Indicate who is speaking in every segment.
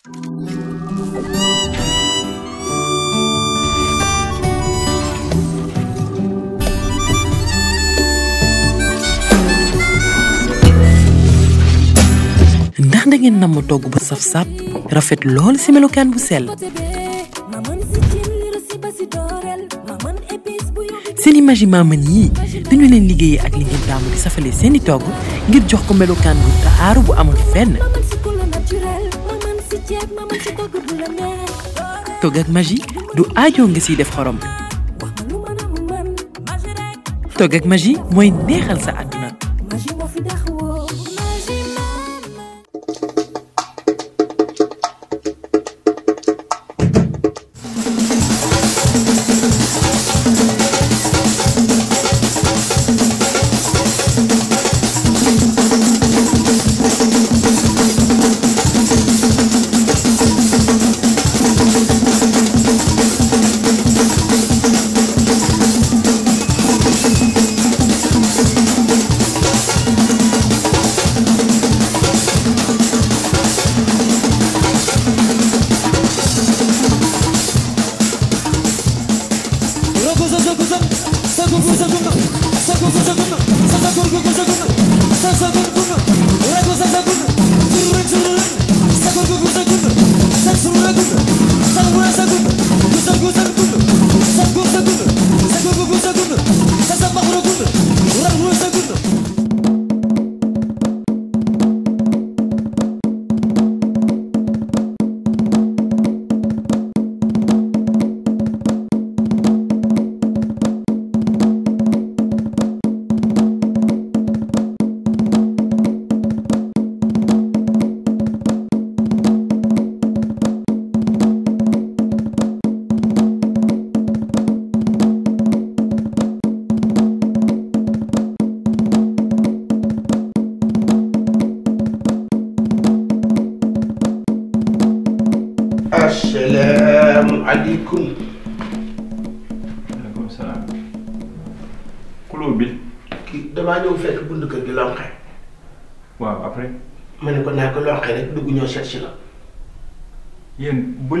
Speaker 1: ndax da ngeen namm togg bu saf sap rafet lool ci melokaan bu sell seeni magi maaman yii dañu leen liggéeyee ak li ngeen taamu di safalee seeni togg ngir jox ko melokaan bu taaru bu amul fenn togg ak du aajoo nga siy def xorom togg ak Maggi at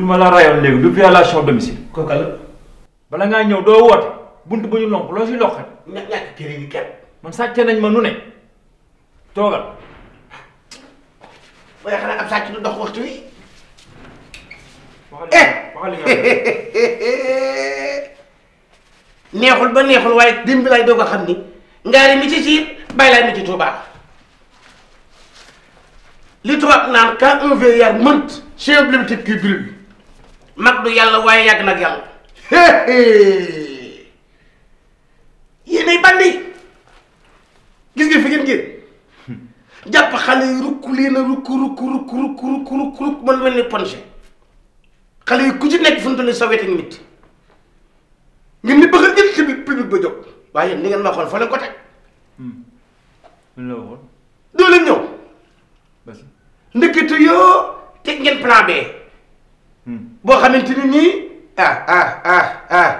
Speaker 2: bu ñu ma la rayoon léegi du violation domicile. bala ngaa ñëw doo woote bunt bu ñu lonk loo si loqat. nañ ma nu ne
Speaker 3: toogal. Eh!
Speaker 2: neexul ba neexul waaye démb laay doog xam ni ngaari mi ci siit bàyyi laay mi ci li tubaab naan quand un vieillard meurt,
Speaker 1: c'est un bleu qui brûle. mag du yàlla waaye yàgg nag yàlla
Speaker 2: yéenay bandi gis nga fi ngeen ngir jàpp xale yi rukk leen a rukk rukk rukk rukk rukk rukk rukk man mel ni yi ku ci nekk fu mu toll nii sa wet ak nit ngeen ni bëgg a jël ci bi public ba waaye ni ngeen ma waxoon fa leen ko teg
Speaker 3: mun hmm.
Speaker 2: ñëw ndëkkate yoo teg ngeen plan B Hmm. boo xamante ni nii ah ah ah ah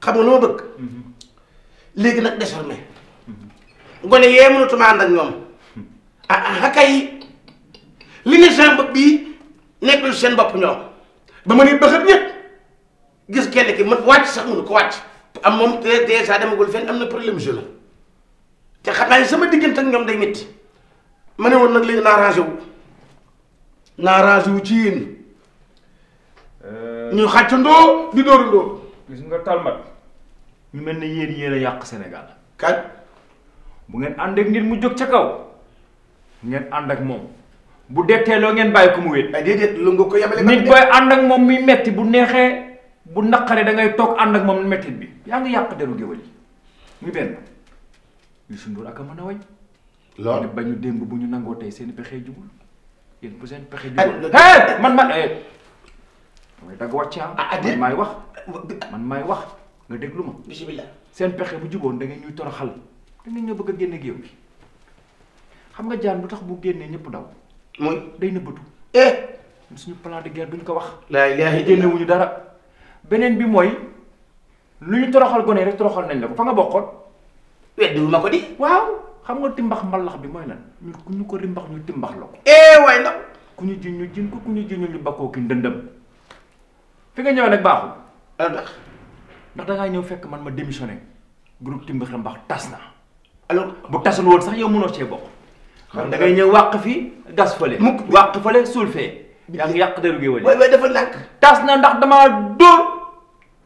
Speaker 2: xam nga lu ma bëgg. Hmm. léegi nag désormais. Hmm. gone yee mënatuma ànd ak ñoom. ah ah kay li ne seen bopp bii nekkul seen bopp ñoom bu ma ni bëxët ñëpp gis kenn ki mën wàcc sax mënu ko wàcc. am moom te te saa demagul fenn am na problème je la te xam naa sama diggante ak ñoom day métti ma ne woon nag léegi naa rangé wu naa wu ci yéen. ñu ndoo di dóorandoo. gis nga talmat ñu mel na yéen yéen a yàq Sénégal. kañ bu ngeen ànd ak nit mu jóg ca kaw ngeen ànd ak moom bu loo ngeen bàyyi ko mu wéet. ay eh, déedéet lu ko yemale. nit booy ànd ak moom muy metti bu neexee bu naqaree da ngay toog ànd ak moom mettit bi yaa ngi yàq deru géwél yi muy benn Youssou Ndour ak a mën a wañ. loolu bañu démb bu ñu nangoo tey seen pexe jubul yéen bu seen pexe eh, jubul. man man. Eh, mooy dagg wàcc am. ah, ah man maay wax man maay wax nga déglu ma. bisimilah seen pexe bu juboon da ñuy toroxal da ngeen bëgg a génne géew bi xam nga jaan bu tax bu génnee ñëpp daw. mooy day nëbbatu. eh suñu plan de guerre duñ ko wax. laa ilaaha illallaah génne wuñu dara. beneen bi mooy lu ñu toroxal gone rek toroxal nañ la ko fa nga bokkoon. weddiwu ko di. waaw xam nga timbax mbalax bi mooy lan ñu ku ñu ko rimbax ñu timbax la ko. eh waay la. ku ñu ji ñu jin ko ku ñu ji ñu ñu bakkoo ki ndëndëm. fi nga ñëwee nag baaxul. ndax ndax da ñëw fekk man ma démissionné groupe Timbaxal Mbaax tas na alors bu tasul woon sax yow mënoo cee bokk. xam da ngay ñëw wàq fi gas fële. mukk fa fële suul fee. yaa ngi yàq deru gi wële. waaye dafa nàkk. tas na ndax damaa dóor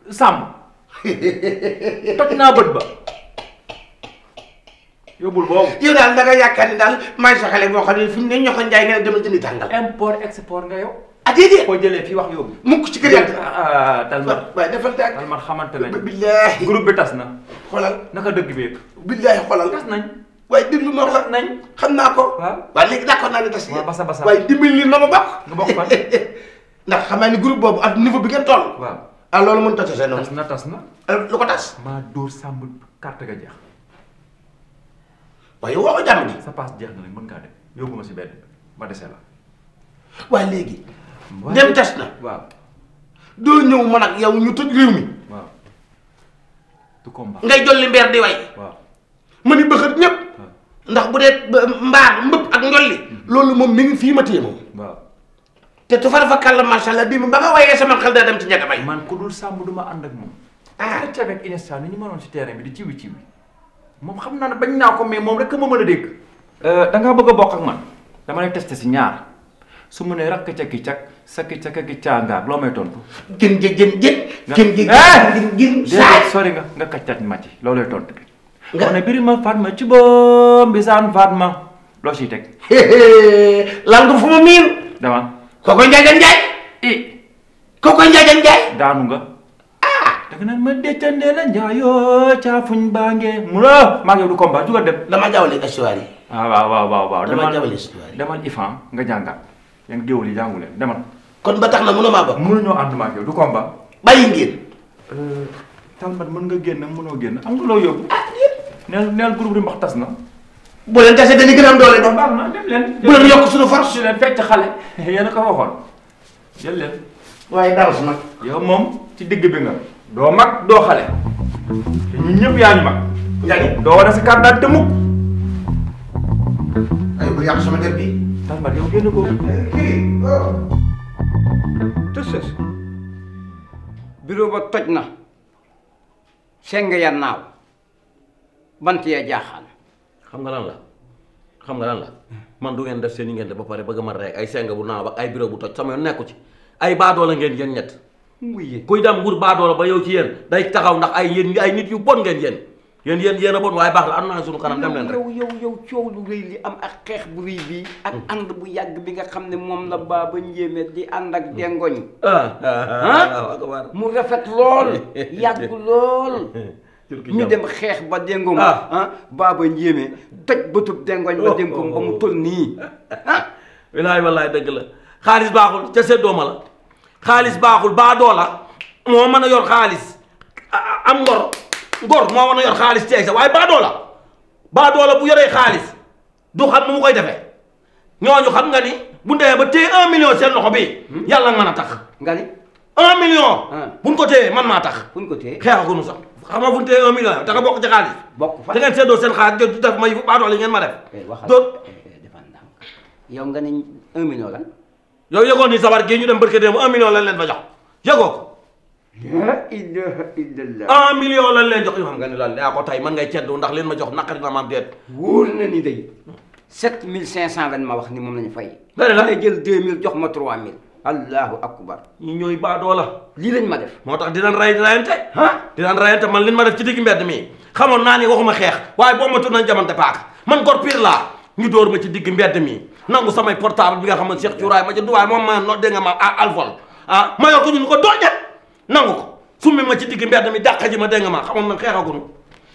Speaker 2: sàmm. toj naa ba. yóbbul boobu. yow daal da nga yaakaar ni daal may sa xale boo xam ne fi mu ne ñoo ko njaay nga ne demal jëndi tàngal. import export nga yow. déedéet koo jëlee fii wax yóbbu. mukk ci kër yàlla de. Talmar ah, ah, waaye defal te ak Talmar xamante nañu. billaahi groupe bi tas na. xoolal naka dëgg bi yëpp. billaahi xoolal tas nañ. waaye déglu ma wax nañ xam naa ko. waaw waaye léegi d'accord naa ne tas yéen. basa basa waaye dimbali li na ma xam naa ni groupe boobu ak niveau bi ngeen toll. waaw ah loolu mënut a tasee noonu. tas na tas na. lu ko tas. maa dóor sàmb carte ga jeex. waaye woo ko jàmm ji. sa passe jeex na nag mën ngaa dem yóbbu ma si benn ma dese la. waaye léegi dem des na. waaw doo ñëw man ak yow ñu tëj réew mi. waaw du combat. ngay jolli mbeer di way. waaw ma ni bëxët ñëpp. ndax bu dee mbaar mbëpp ak njolli. Mhm. loolu moom mi ngi fii ma téye moom. waaw te tufar fa kàlla macha allah bii ba nga wayee sama xel daa dem ci ñàkk bay. man ku dul sàmm du ma ànd ak moom. ah te avec Inesta ni ñu mënoon si terrain bi di ciwi ciwi moom xam naa ne bañ naa ko mais moom rek ma mën a dégg. Euh, danga bëgg a bokk ak man dama lay testé si ñaar su ma nee rakk cakki cak sakki ca kii caagaag loo may tontu. gin gi gin gin. gin gin gin saay sori nga nga kàccaat ma ci looloo tontu bi. nga xam ne Birima Fatma ci boom bisaan Fatma loo siy teg. lan nga fu mu miin. dama. kooku Ndiaye Ndiaye. i kooku Ndiaye Ndiaye. daanu nga. ah. danga naan
Speaker 3: ma deccandee la njaayoo caafuñ baangee mu la
Speaker 2: maa ngi yow du combat
Speaker 3: ah, waaw waaw waaw dama jawale
Speaker 2: histoire yi demal Ifan nga jàngat yaa ngi déwlu jàngu leen demal. kon ba tax na mënoo maa bokk. mënuñoo ànd ma ak yow du combat. bàyyi ngeen. Euh, Talmat mën nga génn mënoo génn am nga loo yóbbu. ah neel neel groupe di mbax tas na. bu leen tasee dañuy gën a am doole
Speaker 3: leen. yokk
Speaker 2: suñu force. su leen fecc xale. yéen a ko waxoon leen. waaye dara su mag. yow moom ci digg bi nga. doo mag doo xale. te ñun ñëpp yaa ñu mag. yaa ngi doo wane sa carte d'identité mukk. ay bu yow génn ko. Oh. tësës bureau ba toj na seng yan naaw bant ya jaaxaan xam nga lan la xam nga lan la man du ngeen def seen yi ngeen def ba pare bëgg ma rek ay seng bu naaw ba ay bureau bu toj sama nekku ci ay baadoola ngeen yéen ñett kuy dem nguur baadoola ba yow ci yéen day taxaw ndax ay yéen ay nit yu bon ngeen yéen yéen yéen yéen a bon waaye baax la am naa suñu kanam dem leen rek yow coow lu rëy li am ak xeex bu rëy bii ak hmm. ànd bu yàgg bi nga xam ne moom la Baba Ndiémé di ànd ak hmm. dengoñ ah, ah, ah, ah mu rafet lool yàgg lool ñu dem xeex ba déngoom ah Baba Ndiémé toj bëtub dengoñ ba oh, déngoom oh, ba mu oh. toll nii ah wallaay wallaay dëgg la xaalis baaxul ca seddooma doomala xaalis baaxul baa doola moo mën a yor xaalis am ngor ngor moo mën a yor xaalis ci ay sa waaye baadoola baadoola bu yoree xaalis du xam nu mu koy defee ñooñu xam nga ni bu ndewee ba téye un million seen loxo bi hmm? yàlla mën a tax nga ni un million ah. buñ ko téyee man maa tax buñ ko téyee xeexaguñu sax xam nga fu ñu téyee un million da nga bokk ci xaalis bokk fa da ngeen seddoo seen xaalis du def may fu baadoola yi ngeen ma def eh, doot eh, eh, yow nga ne un million lan yow yëgoon ni sabar gii ñu dem barke démb un million lañ leen fa jox yëgoo la ilaha illallah un million lan lay jox yoo xam nga ne lan yaa ko tay man ngay ceddu ndax leen ma jox naqari na ma am déet na ni day sept mille cinq cent lan ma wax ni moom lañu fay lan la lay jël deux mille jox ma trois mille allahu akbar ñu ñooy baadoo la lii lañ ma def moo tax di daan ray rayante ah di daan rayante man lin ma def ci digg mbedd mi xamoon naa ni waxuma xeex waaye boo ma tur nañ jamante paak man gor pire laa ñu dóor ma ci digg mbedd mi nangu samay portable bi nga xamante Cheikh ma ci duwaay moom ma ah, ah, no dégg nangu ko fu summi ma ci digg mbedd mi dàq ji ma dee dégg ma xamoon na xeexagunu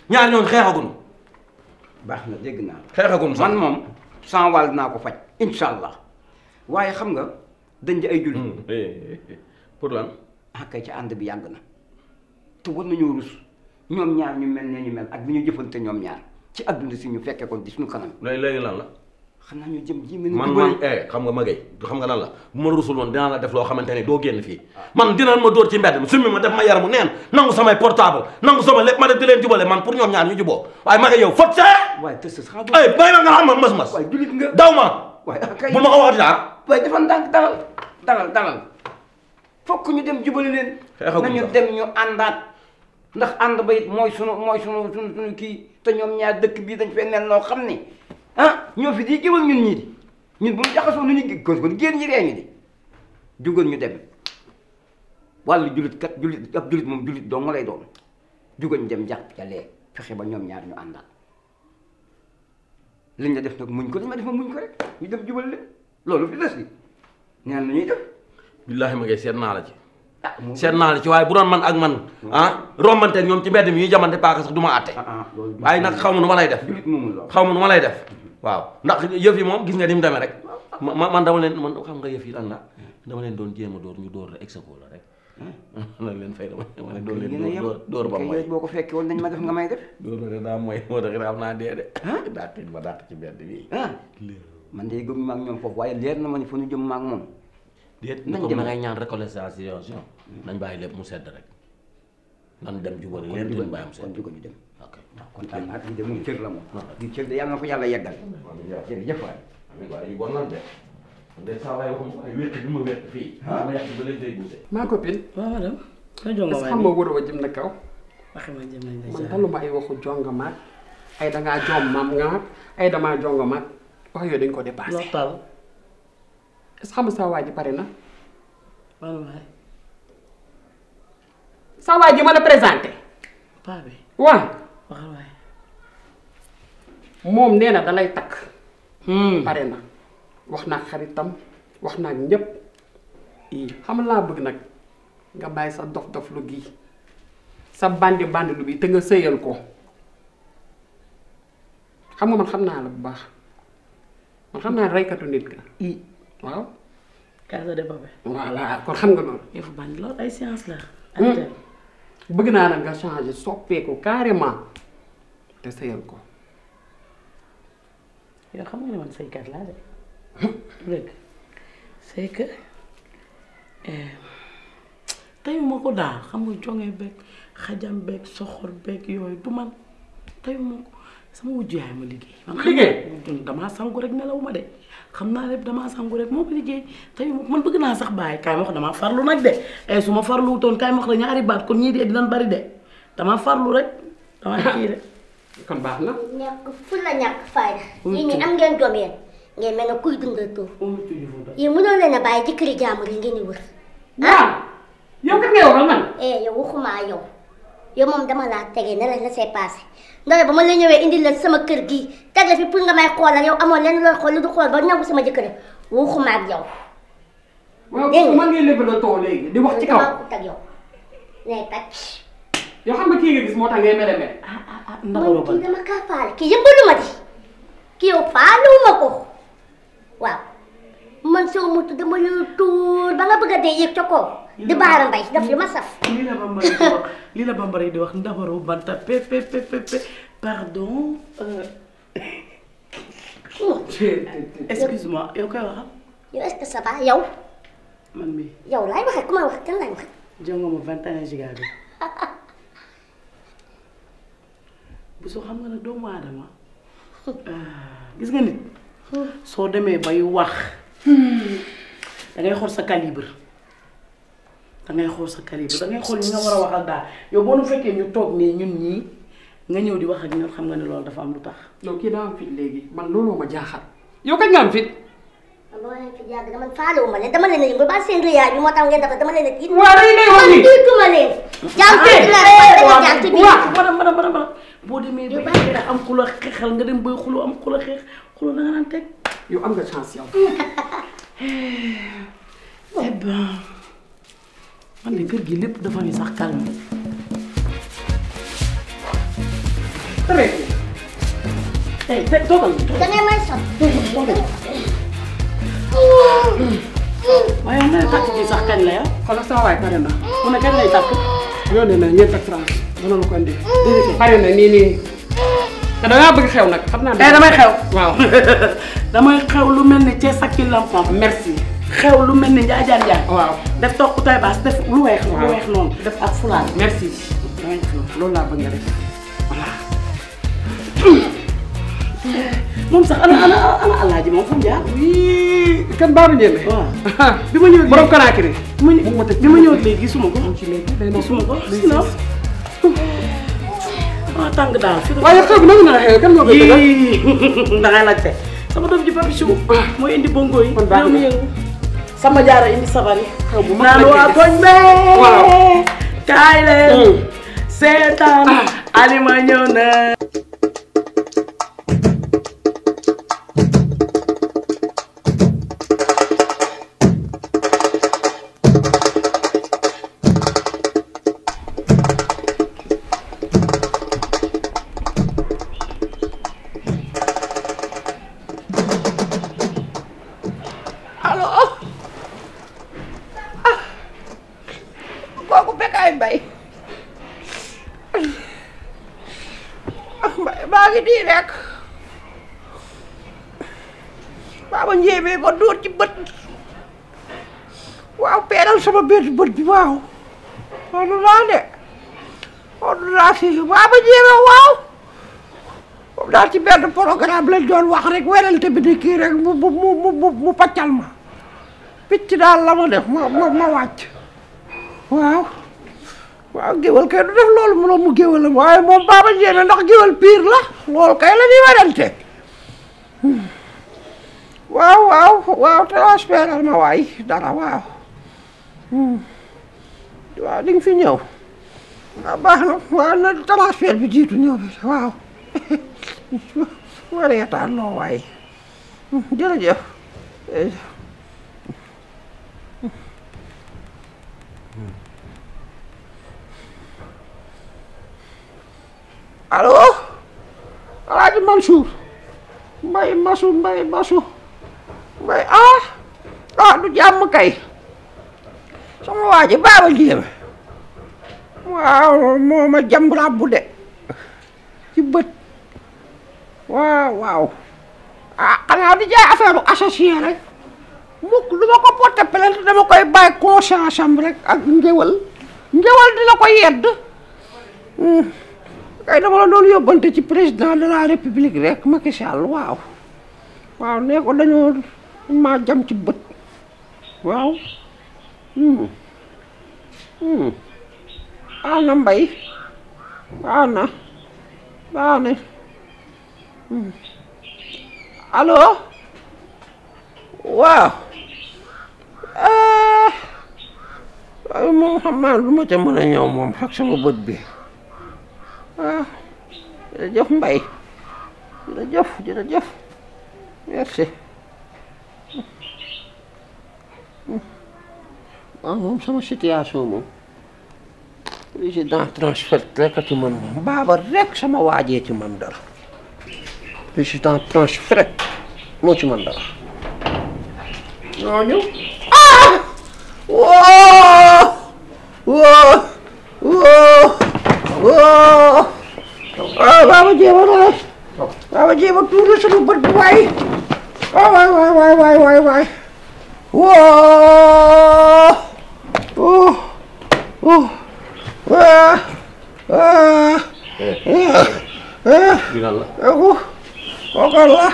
Speaker 2: ñaar ñoon xeexagunu baax na dégg naa la xeexagunu man moom sans wàll ko faj incha allah waaye xam nga dañ ay julli hmm, eh, eh, eh. pour lan ah kay ci ànd bi yàgg na te war nañoo rus ñoom ñaar ñu mel ne ñu mel ak bi ñu jëfante ñoom ñaar ci adduna si ñu fekkee ko di suñu kanam léegi léegi lan la xam naa ñu jëm ji man man eh, xam nga magay xam nga lan la bu ma rusul woon dinaa la def loo xamante ni doo génn fii man dinañ ma dóor ci mbedd mi summi ma def ma yaramu neen nangu samay portable nangu sama lépp ma def di leen jubale man pour ñoom ñaar ñu juboo waaye magay yow fot sa waay tës sa eh, ay bàyyi ma nga xam ma mas mas waay julit nga daw ma bu ma ko wax daal waay dafa ndànk dalal dalal dalal fokk ñu dem jubale leen nañu dem ñu àndaat ndax ànd ba it mooy sunu mooy sunu kii te ñoom ñaar dëkk bii dañ fee nel noo xam ni ñoo fi di jëwal ñu nii di ñun bu ñu jaxasoo nu ñu gos kon génn ñi ree ñu di jugoon ñu dem wàllu jullit kat jullit ab jullit moom jullit dong lay doon jugoon dem jàpp ca lee fexe ba ñoom ñaar ñu àndal liñ la def nag muñ ko dañ ma def muñ ko rek ñu dem jubal leen loolu fi des li ñaan la ñuy def billaahi ma ngay seet naa la ci ah, seet naa la ci waaye bu doon man ak man ah rombante ñoom ci mbedd mi ñuy jamante paaka sax ah, ah, du ma àtte waaye nag xaw ma nu ma lay def xaw ma nu ma lay def waaw ndax yëf yi moom gis nga ni mu demee rek ma man dama leen man xam nga yëf yi lan la dama leen doon jéem a dóor ñu dóor la execo la rek lan leen fay dama dama leen doon leen dóor dóor ba ko fekkee woon nañ ma def nga may def mooy moo tax naa dee de ah? daa tëj ma daat ci ah? man de gëm ma ak ñoom foofu waaye na ma ni fu ñu jëm ma ak moom déet ni comme da ngay ñaan réconciliation nañ bàyyi lépp mu sedd rek nan dem jubóo leen bàyyi mu sedd kon jubóo kontaan naa lii de moom cër yàlla na ko yàlla yeggal. jërëjëf waay. amiin waaw amiin de saa ma wér fii. ah ba léegi
Speaker 1: jëm na kaw. waxe ma ay waxu jonga ay dangaa jom maam nga ay damaa jonga wax yooyu dañ ko dépassé. non xam nga ji pare na. wallaay. ji ma la présenté. paa moom nee na dalay takk. Hmm. pare na wax naa xaritam wax naa ñépp ii xam laa bëgg nag nga bàyyi sa dof-dof lu gi sa bandi bandi lu bi te nga sëyal ko xam nga man xam naa la bu baax man xam naa reykatu nit ka ii waaw. kon xam nga loolu. yëfu ay science hmm. bëgg naa nag nga changer soppeeku carrément. te sëyal ko. yow xam nga ne man sëykat laa de. dëgg ko daal xam nga jonge beeg xajam beeg soxor beeg yooyu du man teyuma ko sama wujju yaay ma liggéey. ma rek nelaw ma de xam naa lépp damaa sangu rek moo ma liggéey teyuma ko man bëgg naa sax bàyyi kaay ma wax damaa farlu nag de su ma farlu wutoon kaay ma wax la ñaari baat kon ñii de dinañ bari de damaa farlu rek damaa kii rek. kon baax na. ñàkk fu la ñàkk fayda. yéen ñi am ngeen jom yéen ngeen mel ne kuy dundal tool. yéen mënoon leen a bàyyi jëkkëri jaamur yi ngeen di wër. ah yow kat ngay waral man. eh yow waxumaa yow yow moom dama laa tegee ne la laissez ma la ñëwee sama kër gii teg la fi pour nga may xoolal yow amoon lenn looy xool lu du xool ba nangu sama jëkkëri waxuma ak yow. dégg nga waaw man ngay lépp la tool léegi di wax ci kaw. dama yoo xam nga kii nga gis moo tax ngay mere mere. ah ah ah ndax kii dama kaa faale kii yëppalu ma di kii ko waaw man soo motu dama yow tuur ba nga bëgg a dee yëg ca kaw. di baara mbay daf li ma lii la bambara di wax lii la bambara di wax ndabaru banta pe pe pe pe pardon. Euh. Oh, excuse-moi yow koy waxal. yow est-ce que ça man mii yow laay wax kan laay vingt et un giga bu soo xam nga ne doomu aadama ah, gis nga nit soo demee ba yu wax hmm. da ngay xool sa calibre da ngay xool sa calibre da xool ñi nga war a waxal daal yow boo nu fekkee ñu toog nii ñun ñii nga ñëw di wax ak ñoom xam nga ne loolu dafa am lu tax. donc kii daa am fit léegi man looloo ma jaaxal yow kañ nga am fit. man dama leen fi jàng dama faalewu a yëngu ba seen rëyaay moo tax ngeen dafa dama leen a. waaw dañu lay wax nii man eh, dégg ma dama boo demee ba xeex am ku la xeexal nga dem bay xulu am ku xeex xulu na nga naan yow am nga chance yow. c'est eh bon man de gi lépp dafa ñu sax calme. très bien. tey eh, tey toogal. da ngay na tàkk bi sax kañ la yow. ne kañ lay tàkk. yónnee mënoon ko indi. nii nii. te bëgg xew nag xam naa. damay xew waaw. damay xew lu mel ni Thiès ak Lampon. merci xew lu mel ni Njaajaan Njaay. waaw def toog tay baas def lu weex. lu weex noonu laa bëgg nga def voilà. moom sax ana ana mu jaar. wii kan baaru ñebe. ma ñëw borom Kanaakiri. bi ma ñëw ko. gisuma ko ah tàng daal. waaye xew bi naka nga xew kan moo koy dëgg. da ngay laajte. sama doom ji Papi Chou. mooy indi bongo sama jaara indi sabar yi. xew bu mag naan seetaan. Alima
Speaker 3: waaw peeral sama benn bët bi waaw xoolu naa de xoolu naa si waa ba jéema waaw moom daal ci benn programme lañ doon wax rek werante bi di kii rek mu mu mu paccal ma picc daal la ma def ma ma ma waaw waaw géwal kay du loolu mu mu géwal la waaye moom baaba njéeme ndax géwal piir la loolu kay la ñuy werante hmm. waaw waaw waaw te ma waay dara waaw waaw di nga fi ñëw waaw ah, baax na waaw na transfert bi jiitu ñëw bi waaw wareetaan loo waay jërëjëf allo alaaji Mansour mbay masu mbay masu mbay ah ah du jàmm kay waa ji baaba jéem waaw moo ma jàmb rabbu de ci bët waaw waaw ah, xanaa di jaay affaire u rek mukk du ko porté plainte dama koy bàyyi conscience am rek ak ngéwal ngéwal dina ko yedd hmm. kay dama la doon yóbbante ci président de république rek Macky Sall waaw waaw nee ko dañoo maa jam ci bët waaw hmm. Hmm. baax na mbay baax na baax na hmm. allo waaw eh. waaye moom xam naa lu ma ca mën a ñëw moom ak sama bët bi waaw ah. jërëjëf mbay jërëjëf merci hmm. waaw moom sama situation moom président transfert rek a ci man baaba rek sama moo ci man dara ñooñu ah woo woo woo woo ah baaba jéema lool baaba joku kokolla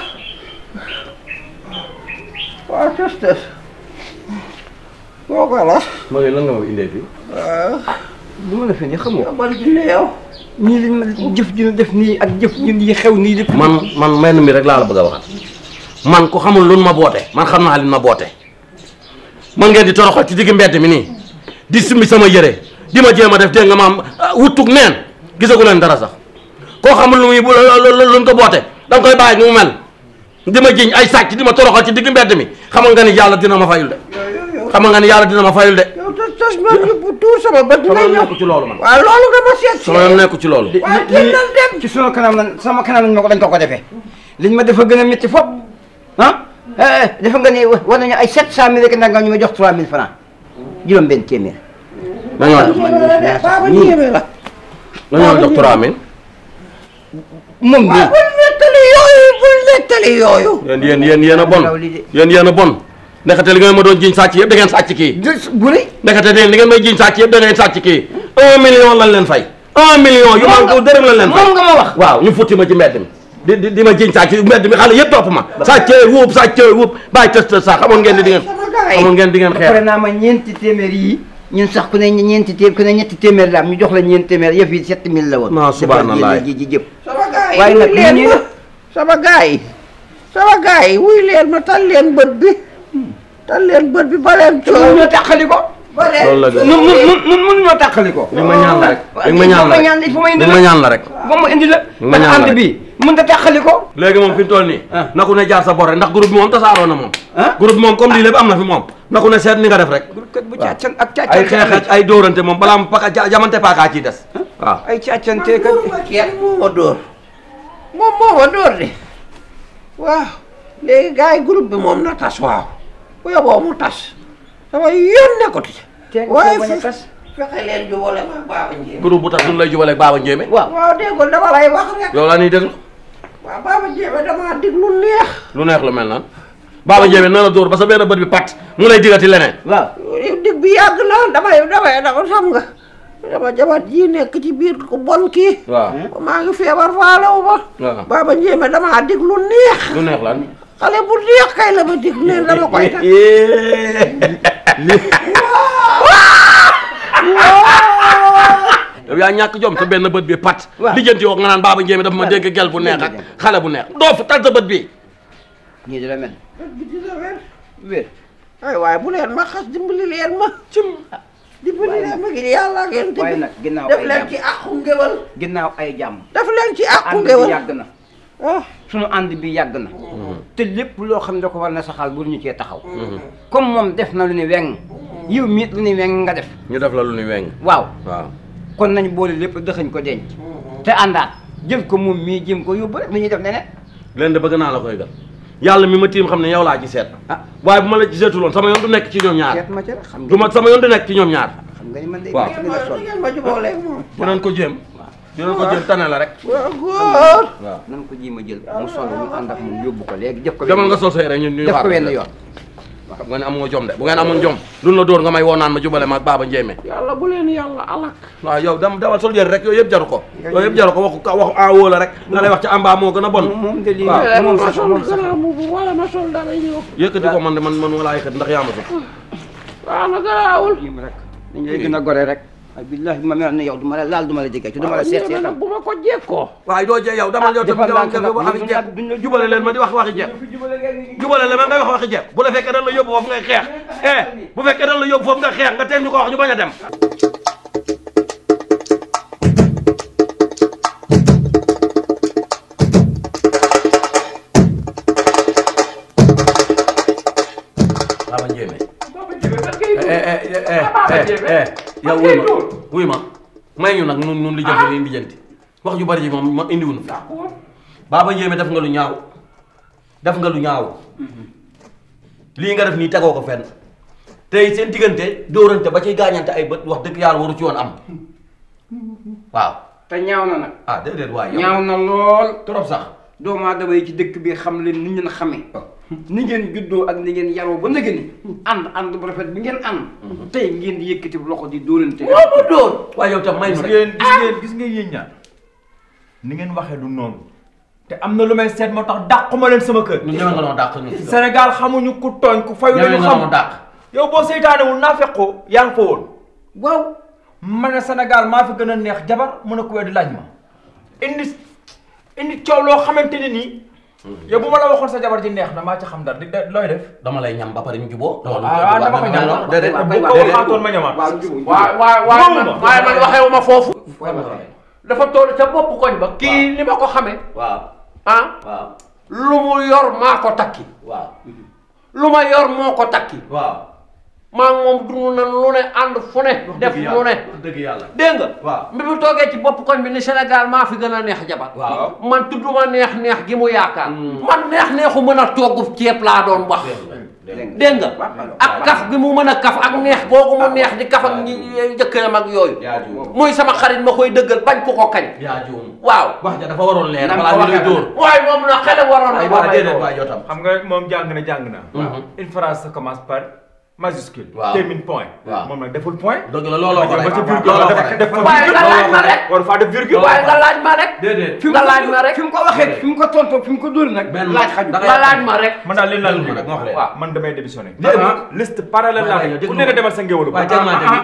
Speaker 3: waaw tes tes kokola
Speaker 2: ma lan nga ma indee bi
Speaker 3: lu ma la fi ñu xamoo bal dina yow
Speaker 2: nii liñ ma jëf dina def nii ak jëf ñun yi xew nii def man man may na mi rek laa la bëgg a waxat man ku xamul lu ma boote man xam naa li ma boote man ngeen di toroxal ci digg mbedd mi nii di simbi sama yére di ma jéem a def dégg nga maam ah, wutug neen gisagu leen dara sax koo xamul lu muy luñ ko boote danga koy bàyyi mu mel di ma jiñ ay sàcc di ma toroxal ci digg mbedd mi xamal nga ni dina ma fayul de xamal nga yàlla dina ma fayul de tas ma yóbbu tuur sama nekku ci loolu man waaw loolu
Speaker 3: nga ma seet sama yoon
Speaker 2: ci loolu waaw dindal sunu kanam la sama kanam lañ ma ko dañ ko ko defee liñ ma dafa gën a métti fop ah eh, eh, dafa nga ni war nañu ay sept cent mille rek na nga ñu ma jox trois mille francs juróom benn téeméer.
Speaker 1: man la
Speaker 2: la docteur Amine. moom bi waaw
Speaker 3: bul nettali yooyu bul nettali yooyu.
Speaker 2: yéen yéen yéen a bon yéen yéen a bon. nekkate li ngeen ma doon jiñ sàcc yëpp da ngeen sàcc kii. bu dee. nekkate li ngeen may jiñ sàcc yëpp da ngeen sàcc kii. un million lañ leen fay. un million yu ma dërëm lañ leen fay moom futti ma ci mbedd mi. di di ma jiñ sàcc mbedd mi xale yëpp topp ma. sàcc wuub sàcc wuub bàyyi test sax xamoon ngeen ni di ngeen.
Speaker 3: gaay xamul ngeen di ngeen xeex pare naa ma
Speaker 2: ñeenti téeméer yi ñun sax ku ne ñeenti téeméer ku ne ñetti téeméer la am ñu jox la ñeenti téeméer yëf yi sept mille la woon non subhanallah ji ji jëpp sama gaay waaye nag leen ñu
Speaker 3: sama gaay sama gaay wuy leen ma tal leen bët bi tal leen bët bi ba leen coow ñu tàqali ko loolu la gën mun mun mun ñoo tàqali ko oh, li ma ñaan la rek li ma ñaan la rek
Speaker 2: li ma ñaan la rek ba ma indi la ndax ànd bi mun ta tàqali ko léegi moom fi mu toll nii ah. na ku ne jaar sa bor ndax groupe bi moom tasaaroo na moom ah. groupe bi moom comme lii lépp am na fi moom na ku ne seet ni nga def rek
Speaker 3: ak càccan ay xeex
Speaker 2: ay dóorante moom balaa mu paka jamante paakaa des ah. waaw
Speaker 3: ay càccante kat moom moo dóor moom moo ma dóor de waaw léegi gars yi bi moom na tas waaw bu yoboo mu tas yoon nekkut ci waaye fexe leen jubale
Speaker 2: tas duñu lay jubale ak baaba njéeme waaw
Speaker 3: waaw déggul dama lay wax
Speaker 2: rek yow laa
Speaker 3: waaw Baba Diémé damaa dig lu neex.
Speaker 2: lu neex lu mel nan Baba Diémé na la dóor ba sa benn bët bi pat mu lay digati leneen. waaw
Speaker 3: dig bi yàgg na damay dama xam nekk ci biir ku bon kii. waaw maa lu neex. lu neex lan. xale bu neex kay la ma dig ne dama koy tax.
Speaker 2: yow yaa ñàkk jom sa benn bët bi pat lijjanti woo nga naan baaba njéeme dafa ma dégg gel bu neex ak xale bu neex doofu tal sa bët bi
Speaker 3: ñii di ay waaye bu leer ma xas dimbali leer gi yàlla ak yéen waaye nag leen ci àqu ngewal
Speaker 2: ginnaaw ay jàmm daf leen ci ah. ànd bi yàgg na mm-hmm. te lépp loo xam ne ko war na saxaal bu ñu cee taxaw mm-hmm. comme moom def na lu ni weng yow miit lu ni weng nga def ñu def la lu ni weng waaw kon nañ boole lépp dëxañ ko denc mm-hmm. te àndaat jël ko moom mii jëm ko yóbbu rek dañuy def neneen leen de bëgg naa la koy gal yàlla mi ma tiim xam ne yow laa ji seet ah. waaye bu ma la ci seetuloon sama yoon du nekk ci ñoom ñaar du ma sama yoon du nekk ci ñoom ñaar
Speaker 3: xam nga man de waaw
Speaker 2: bu doon ko jéem du doon ko jéem tane la rek
Speaker 3: waaw
Speaker 2: nan ko ji a jël mu sol ñu ànd ak moom yóbbu ko léegi def ko demal nga sol say rek ñun ñu def ko wenn yoon xam nga ne amoo jom bu ngeen amoon joom duñ la dóor nga may woo naan ma jubale ma baaba njéeme yàlla bu leen yàlla alak waaw yow dam dawal sol jëri rek yooyu yëpp jaru ko yooyu ko waxu waxu awoo la rek nga lay wax ci amba moo a bon waaw moom sax moom sax
Speaker 3: wala ma sol dara ñëw
Speaker 2: yëkkati ko man de man man walaa yëkkati ndax yaa ma sax
Speaker 3: waaw na garaawul
Speaker 2: rek gën a gore rek ay billahi ma mel ne yow du ma la laal du ma la jege. du ma la seet seet nag bu ma ko jekkoo. waaye doo jee yow dama ah, yow tamit dama kër wax waxi jeeg jubale leen ma di wax waxi jeeg jubale leen ma ngay wax waxi jeeg bu la eh, fekkee dañ la yóbbu foofu nga xeex nga ko wax ñu bañ a dem yow wuy ma may ñu nag nun nun li jëm ah. li lijjanti wax ju bari ji moom ma indiwuñu baaba yéeme def nga lu ñaaw def nga lu ñaaw mhm. lii nga def nii tegoo ko fenn tey seen diggante dóorante ba ci gaañante ay bët wax dëgg yàlla waru ci woon am waaw te ñaaw na nag ah déedéet waaye ñaaw na lool trop sax doomu aadama yi ci dëkk bi xam leen ni ñu leen xamee oh. ni ngeen juddoo ak ni ngeen yaroo ba nëgë ni ànd ànd bu rafet bi ngeen ànd mhm. tey ngeen di yëkkati bu loo dóorante ma dóor waaye yow tam may gis ngeen gis ngeen yéen ngeen waxee du noonu te am na lu may seet moo tax dàquma leen sama kër ñoo nga noo dàq Sénégal xamuñu ku tooñ ku fayu lañu xam dàq yow boo seytaanewul naa feqoo yaa ngi fa woon waaw ma ne Sénégal maa fi gën a neex jabar mun a ku weddi laaj ma indi indi coow loo xamante ni nii yow bu ma la waxoon sa jabar ji neex na maa ca xam dara di looy def. dama lay ñam ba pare ñu jubóo. loolu ah, ah dama ko ñam déedéet bu ko waxaatoon ma ñamaat. waaw waaw waaw man waaye man waxewu ma foofu. dafa toll ca bopp ko ba. kii li ma ko xamee. waaw ah. lu mu yor maa ko takki. lu ma yor moo ko takki. waaw. maa ngi moom dund na lu ne ànd fu def lu ne dëgg yàlla dégg nga. waaw bi mu toogee ci bopp koñ bi ni Sénégal maa fi gën a neex jabar. waaw man tudd ma neex neex gi mu yaakaar. Hmm. man neex u mën a togg ceeb laa doon wax. dégg nga a kaf gi mu mën a kaf ak neex googu mu neex di kaf ak ñi jëkkëram ak yooyu. muy sama xarit ma koy dëggal bañ ko ko kañ. waaw wax ja dafa
Speaker 1: waroon leer balaa ñu lay dóor
Speaker 3: waaye moom na xale waroon
Speaker 2: a waaw déedéet waay yow moom jàng na jàng na. Mm-hmm. une phrase par. majuscule. waaw termine point. waaw moom nag deful point. donc looloo ko lay am waaw waaye nga laaj ma rek. war faa def virgule. waaye nga laaj ma rek. déedéet nga laaj ma rek. fi mu ko waxee fi mu ko tontoo fi mu ko dóor nag. laaj xajul nga laaj ma rek. man daal li laaj ma rek waaw man damay démissionné. liste parallèle la rek ku nekk demal sa ngéwalu. waaw jërë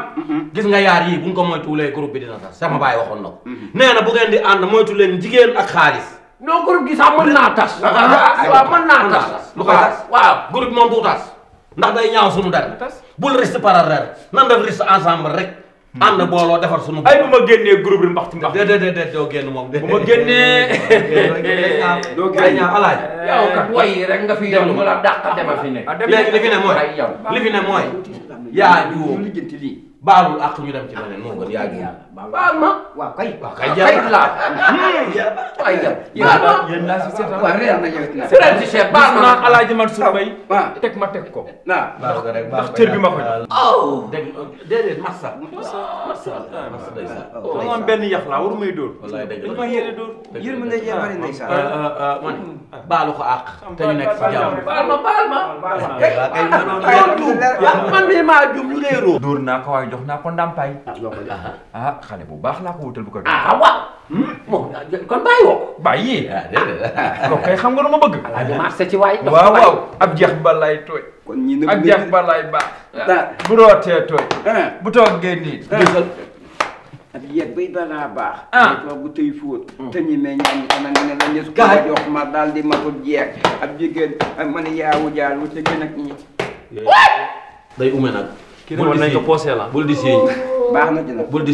Speaker 2: gis nga yaar yii bu ñu ko moytuwulee groupe bi dina tas sama baay waxoon na ko. Mhm. nee na bu ngeen di ànd moytu leen jigéen ak xaalis. non groupe gi sax mën naa tas. Ah, ah, ah. waaw mën naa tas. lu koy tas waaw groupe moom du tas ndax day ñaaw suñu dara bu reste par arrière nan def reste ensemble rek hmm. ànd booloo defar suñu ay bu ma génnee groupe bi mbax ci mbax déedéet doo génn moom bu ma génnee doo génn alaaj yow kat rek nga fi yow mu la dàq dema fi ne ah, léegi li fi ne mooy li fi ne mooy yaa juum baalu ak ñu dem ci leneen moo gën yaa ngi. baal ma waaw kay. waaw kay jàpp la waaw kay jàpp baal ma naa si seet waaw réer na yow naa. réer si seet baal ma alaaji Mansour Mbaye teg ma teg ko. waaw ndax cër bi ma ko jox. oh dégg déedéet Massa. Massa Massa Massa ndeysaan. waaw oh, man benn yax laa waru may dóor. wallaay dëgg la li ma yéene dóor. yéen ma lay yéexal ndeysaan. Euh, euh, euh, man baalu ko àq. te ñu nekk si jàmm. baal
Speaker 1: ma baal ma. waaw kay man
Speaker 2: mii maa jum ñu lay róor. dóor naa ko waaye jox naa ko ndàmpaay. ah loo ko jox ah, ah xale bu baax laa ko wutal bu ko jox. ah waaw. Hmm, bon kon bàyyi ah, ma bëgg. alaaji ah, marché ci waay. waaw waaw ab jeex balaay tooy. kon baax. bu rootee tooy. bu toogee nii. ab yet bay balaa baax. ah toog bu tëy fóot. Hmm. te ma daal ab jigéen man yaawu jaar wu ca gën kii nañ ko poosee la bul di siiñ baax na ci bul di